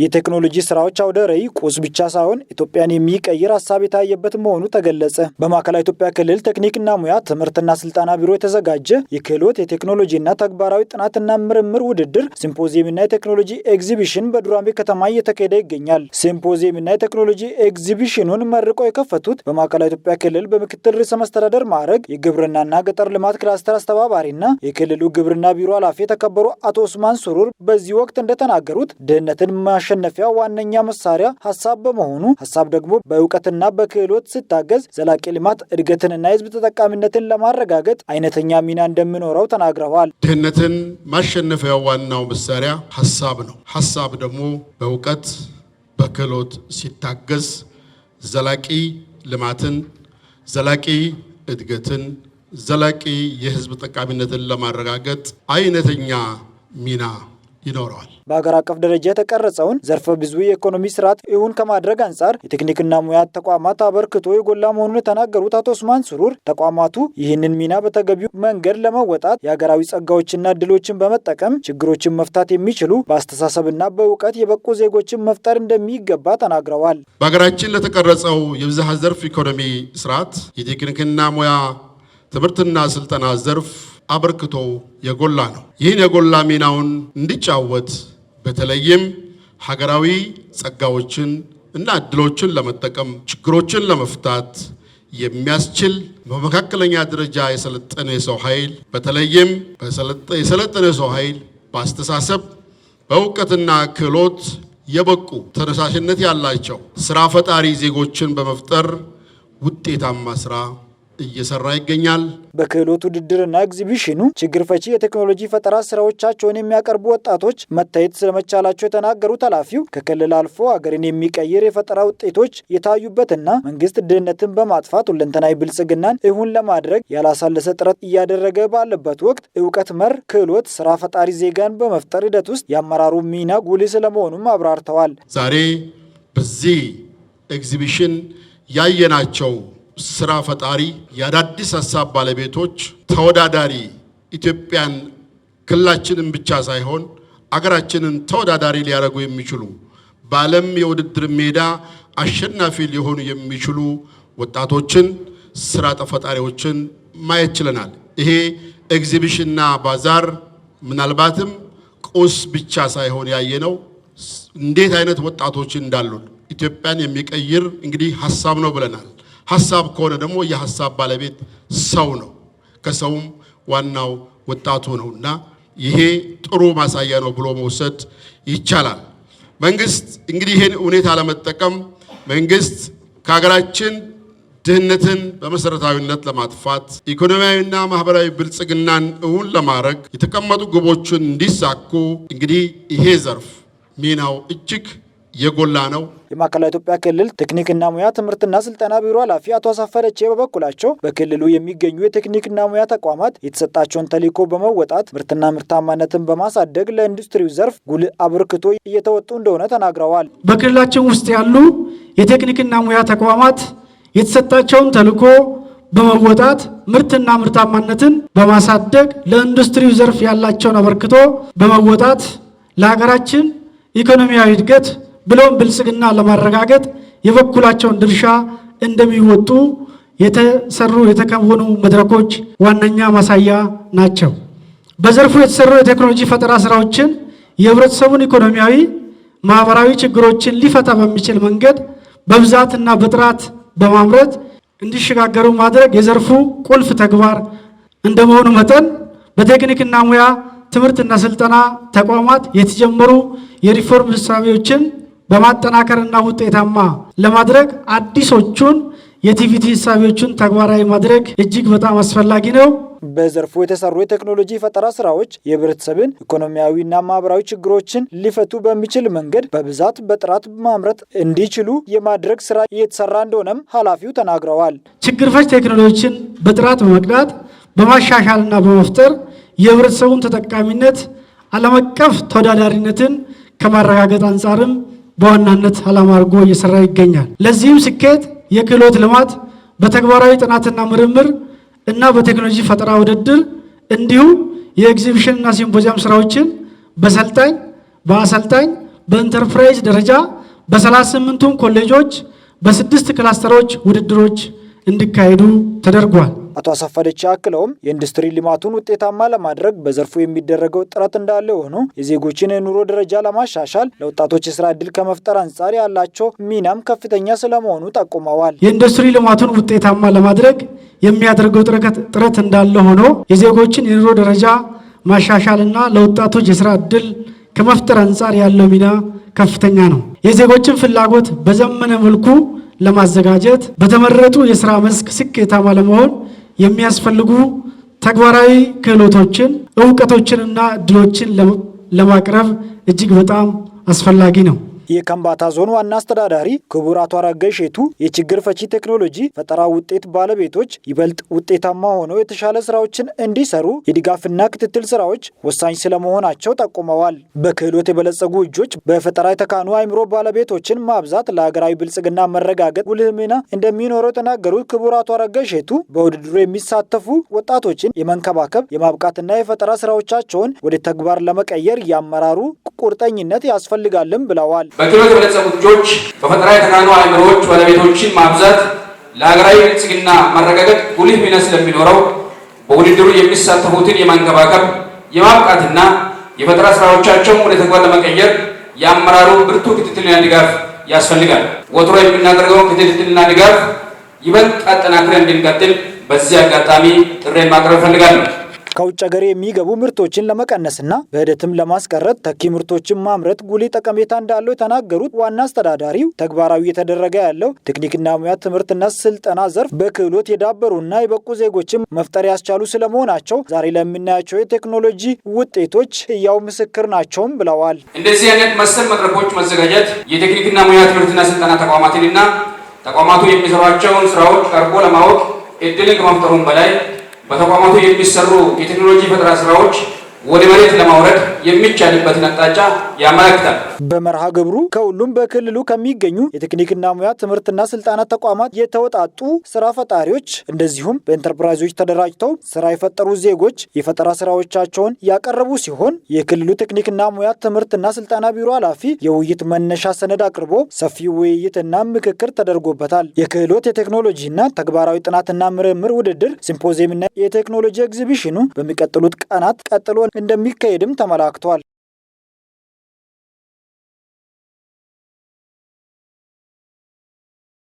የቴክኖሎጂ ስራዎች አውደ ርዕይ ቁስ ብቻ ሳይሆን ኢትዮጵያን የሚቀይር ሀሳብ የታየበት መሆኑ ተገለጸ። በማዕከላዊ ኢትዮጵያ ክልል ቴክኒክና ሙያ ትምህርትና ስልጠና ቢሮ የተዘጋጀ የክህሎት የቴክኖሎጂና ተግባራዊ ጥናትና ምርምር ውድድር ሲምፖዚየምና የቴክኖሎጂ ኤግዚቢሽን በዱራሜ ከተማ እየተካሄደ ይገኛል። ሲምፖዚየምና የቴክኖሎጂ ኤግዚቢሽኑን መርቀው የከፈቱት በማዕከላዊ ኢትዮጵያ ክልል በምክትል ርዕሰ መስተዳደር ማዕረግ የግብርናና ገጠር ልማት ክላስተር አስተባባሪና የክልሉ ግብርና ቢሮ ኃላፊ የተከበሩ አቶ ኡስማን ሱሩር በዚህ ወቅት እንደተናገሩት ድህነትን ማሽ ማሸነፊያ ዋነኛ መሳሪያ ሀሳብ በመሆኑ ሀሳብ ደግሞ በእውቀትና በክህሎት ስታገዝ ዘላቂ ልማት እድገትንና የህዝብ ተጠቃሚነትን ለማረጋገጥ አይነተኛ ሚና እንደሚኖረው ተናግረዋል። ድህነትን ማሸነፊያ ዋናው መሳሪያ ሀሳብ ነው። ሀሳብ ደግሞ በእውቀት በክህሎት ሲታገዝ ዘላቂ ልማትን፣ ዘላቂ እድገትን፣ ዘላቂ የህዝብ ተጠቃሚነትን ለማረጋገጥ አይነተኛ ሚና ይኖረዋል። በሀገር አቀፍ ደረጃ የተቀረጸውን ዘርፈ ብዙ የኢኮኖሚ ስርዓት እውን ከማድረግ አንጻር የቴክኒክና ሙያ ተቋማት አበርክቶ የጎላ መሆኑን የተናገሩት አቶ ኡስማን ስሩር ተቋማቱ ይህንን ሚና በተገቢው መንገድ ለመወጣት የሀገራዊ ጸጋዎችና እድሎችን በመጠቀም ችግሮችን መፍታት የሚችሉ በአስተሳሰብና በእውቀት የበቁ ዜጎችን መፍጠር እንደሚገባ ተናግረዋል። በሀገራችን ለተቀረጸው የብዝሃ ዘርፍ ኢኮኖሚ ስርዓት የቴክኒክና ሙያ ትምህርትና ስልጠና ዘርፍ አበርክቶ የጎላ ነው። ይህን የጎላ ሚናውን እንዲጫወት በተለይም ሀገራዊ ጸጋዎችን እና እድሎችን ለመጠቀም ችግሮችን ለመፍታት የሚያስችል በመካከለኛ ደረጃ የሰለጠነ የሰው ኃይል በተለይም የሰለጠነ የሰው ኃይል በአስተሳሰብ በእውቀትና ክህሎት የበቁ ተነሳሽነት ያላቸው ስራ ፈጣሪ ዜጎችን በመፍጠር ውጤታማ ስራ እየሰራ ይገኛል። በክህሎት ውድድርና ኤግዚቢሽኑ ችግር ፈቺ የቴክኖሎጂ ፈጠራ ስራዎቻቸውን የሚያቀርቡ ወጣቶች መታየት ስለመቻላቸው የተናገሩት ኃላፊው ከክልል አልፎ አገርን የሚቀይር የፈጠራ ውጤቶች የታዩበትና መንግስት ድህነትን በማጥፋት ሁለንተናዊ ብልጽግናን እሁን ለማድረግ ያላሳለሰ ጥረት እያደረገ ባለበት ወቅት እውቀት መር ክህሎት ስራ ፈጣሪ ዜጋን በመፍጠር ሂደት ውስጥ የአመራሩ ሚና ጉልህ ስለመሆኑም አብራርተዋል። ዛሬ በዚህ ኤግዚቢሽን ያየናቸው ስራ ፈጣሪ፣ የአዳዲስ ሀሳብ ባለቤቶች፣ ተወዳዳሪ ኢትዮጵያን ክልላችንን ብቻ ሳይሆን አገራችንን ተወዳዳሪ ሊያደርጉ የሚችሉ በዓለም የውድድር ሜዳ አሸናፊ ሊሆኑ የሚችሉ ወጣቶችን ስራ ተፈጣሪዎችን ማየት ችለናል። ይሄ ኤግዚቢሽንና ባዛር ምናልባትም ቁስ ብቻ ሳይሆን ያየነው እንዴት አይነት ወጣቶች እንዳሉን ኢትዮጵያን የሚቀይር እንግዲህ ሀሳብ ነው ብለናል። ሀሳብ ከሆነ ደግሞ የሀሳብ ባለቤት ሰው ነው። ከሰውም ዋናው ወጣቱ ነውና ይሄ ጥሩ ማሳያ ነው ብሎ መውሰድ ይቻላል። መንግስት እንግዲህ ይህን ሁኔታ ለመጠቀም መንግስት ከሀገራችን ድህነትን በመሰረታዊነት ለማጥፋት ኢኮኖሚያዊና ማህበራዊ ብልጽግናን እውን ለማድረግ የተቀመጡ ግቦችን እንዲሳኩ እንግዲህ ይሄ ዘርፍ ሚናው እጅግ የጎላ ነው። የማዕከላዊ ኢትዮጵያ ክልል ቴክኒክና ሙያ ትምህርትና ስልጠና ቢሮ ኃላፊ አቶ አሳፈረቼ በበኩላቸው በክልሉ የሚገኙ የቴክኒክና ሙያ ተቋማት የተሰጣቸውን ተልዕኮ በመወጣት ምርትና ምርታማነትን በማሳደግ ለኢንዱስትሪው ዘርፍ ጉልህ አበርክቶ እየተወጡ እንደሆነ ተናግረዋል። በክልላችን ውስጥ ያሉ የቴክኒክና ሙያ ተቋማት የተሰጣቸውን ተልዕኮ በመወጣት ምርትና ምርታማነትን በማሳደግ ለኢንዱስትሪው ዘርፍ ያላቸውን አበርክቶ በመወጣት ለሀገራችን ኢኮኖሚያዊ እድገት ብሎም ብልጽግና ለማረጋገጥ የበኩላቸውን ድርሻ እንደሚወጡ የተሰሩ የተከወኑ መድረኮች ዋነኛ ማሳያ ናቸው። በዘርፉ የተሰሩ የቴክኖሎጂ ፈጠራ ስራዎችን የህብረተሰቡን ኢኮኖሚያዊ፣ ማህበራዊ ችግሮችን ሊፈታ በሚችል መንገድ በብዛትና በጥራት በማምረት እንዲሸጋገሩ ማድረግ የዘርፉ ቁልፍ ተግባር እንደመሆኑ መጠን በቴክኒክና ሙያ ትምህርትና ስልጠና ተቋማት የተጀመሩ የሪፎርም እሳቤዎችን በማጠናከርና ውጤታማ ለማድረግ አዲሶቹን የቲቪቲ ሂሳቢዎችን ተግባራዊ ማድረግ እጅግ በጣም አስፈላጊ ነው። በዘርፉ የተሰሩ የቴክኖሎጂ ፈጠራ ስራዎች የህብረተሰብን ኢኮኖሚያዊና ማህበራዊ ችግሮችን ሊፈቱ በሚችል መንገድ በብዛት በጥራት ማምረት እንዲችሉ የማድረግ ስራ እየተሰራ እንደሆነም ኃላፊው ተናግረዋል። ችግር ፈች ቴክኖሎጂዎችን በጥራት በመቅዳት በማሻሻልና በመፍጠር የህብረተሰቡን ተጠቃሚነት ዓለም አቀፍ ተወዳዳሪነትን ከማረጋገጥ አንጻርም በዋናነት ዓላማ አድርጎ እየሰራ ይገኛል። ለዚህም ስኬት የክህሎት ልማት በተግባራዊ ጥናትና ምርምር እና በቴክኖሎጂ ፈጠራ ውድድር እንዲሁም የኤግዚቢሽን እና ሲምፖዚየም ስራዎችን በሰልጣኝ በአሰልጣኝ በኢንተርፕራይዝ ደረጃ በሰላሳ ስምንቱም ኮሌጆች በስድስት ክላስተሮች ውድድሮች እንዲካሄዱ ተደርጓል። አቶ አሳፈደች አክለውም የኢንዱስትሪ ልማቱን ውጤታማ ለማድረግ በዘርፉ የሚደረገው ጥረት እንዳለ ሆኖ የዜጎችን የኑሮ ደረጃ ለማሻሻል ለወጣቶች የስራ እድል ከመፍጠር አንጻር ያላቸው ሚናም ከፍተኛ ስለመሆኑ ጠቁመዋል። የኢንዱስትሪ ልማቱን ውጤታማ ለማድረግ የሚያደርገው ጥረት እንዳለ ሆኖ የዜጎችን የኑሮ ደረጃ ማሻሻልና ለወጣቶች የስራ እድል ከመፍጠር አንጻር ያለው ሚና ከፍተኛ ነው። የዜጎችን ፍላጎት በዘመነ መልኩ ለማዘጋጀት በተመረጡ የስራ መስክ ስኬታማ ለመሆን የሚያስፈልጉ ተግባራዊ ክህሎቶችን እውቀቶችንና እድሎችን ለማቅረብ እጅግ በጣም አስፈላጊ ነው። የከምባታ ዞን ዋና አስተዳዳሪ ክቡር አቶ አረጋይ ሼቱ የችግር ፈቺ ቴክኖሎጂ ፈጠራ ውጤት ባለቤቶች ይበልጥ ውጤታማ ሆነው የተሻለ ስራዎችን እንዲሰሩ የድጋፍና ክትትል ስራዎች ወሳኝ ስለመሆናቸው ጠቁመዋል። በክህሎት የበለጸጉ እጆች፣ በፈጠራ የተካኑ አይምሮ ባለቤቶችን ማብዛት ለሀገራዊ ብልጽግና መረጋገጥ ጉልህ ሚና እንደሚኖረው የተናገሩት ክቡር አቶ አረጋይ ሼቱ በውድድሩ የሚሳተፉ ወጣቶችን የመንከባከብ የማብቃትና የፈጠራ ስራዎቻቸውን ወደ ተግባር ለመቀየር የአመራሩ ቁርጠኝነት ያስፈልጋልም ብለዋል። በክህሎት የበለጸጉ ልጆች በፈጠራ የተካኑ አእምሮዎች ባለቤቶችን ማብዛት ለሀገራዊ ብልጽግና ማረጋገጥ ጉልህ ሚና ስለሚኖረው በውድድሩ የሚሳተፉትን የማንከባከብ የማብቃትና የፈጠራ ስራዎቻቸውን ወደ ተግባር ለመቀየር የአመራሩ ብርቱ ክትትልና ድጋፍ ያስፈልጋል። ወትሮ የምናደርገውን ክትትልና ድጋፍ ይበልጥ አጠናክረን እንድንቀጥል በዚህ አጋጣሚ ጥሬ ማቅረብ እፈልጋለሁ። ከውጭ ሀገር የሚገቡ ምርቶችን ለመቀነስና በሂደትም ለማስቀረት ተኪ ምርቶችን ማምረት ጉልህ ጠቀሜታ እንዳለው የተናገሩት ዋና አስተዳዳሪው ተግባራዊ እየተደረገ ያለው ቴክኒክና ሙያ ትምህርትና ስልጠና ዘርፍ በክህሎት የዳበሩና የበቁ ዜጎችን መፍጠር ያስቻሉ ስለመሆናቸው ዛሬ ለምናያቸው የቴክኖሎጂ ውጤቶች ሕያው ምስክር ናቸውም ብለዋል። እንደዚህ አይነት መሰል መድረኮች መዘጋጀት የቴክኒክና ሙያ ትምህርትና ስልጠና ተቋማትንና ተቋማቱ የሚሰሯቸውን ስራዎች ቀርቦ ለማወቅ እድልን ከመፍጠሩም በላይ በተቋማቱ የሚሰሩ የቴክኖሎጂ ፈጠራ ስራዎች ወደ መሬት ለማውረድ የሚቻልበትን አቅጣጫ ያመለክታል። በመርሃ ግብሩ ከሁሉም በክልሉ ከሚገኙ የቴክኒክና ሙያ ትምህርትና ስልጠና ተቋማት የተወጣጡ ስራ ፈጣሪዎች እንደዚሁም በኢንተርፕራይዞች ተደራጅተው ስራ የፈጠሩ ዜጎች የፈጠራ ስራዎቻቸውን ያቀረቡ ሲሆን የክልሉ ቴክኒክና ሙያ ትምህርትና ስልጠና ቢሮ ኃላፊ የውይይት መነሻ ሰነድ አቅርቦ ሰፊ ውይይትና ምክክር ተደርጎበታል። የክህሎት የቴክኖሎጂና ተግባራዊ ጥናትና ምርምር ውድድር ሲምፖዚየምና የቴክኖሎጂ ኤግዚቢሽኑ በሚቀጥሉት ቀናት ቀጥሎ እንደሚካሄድም ተመላክቷል።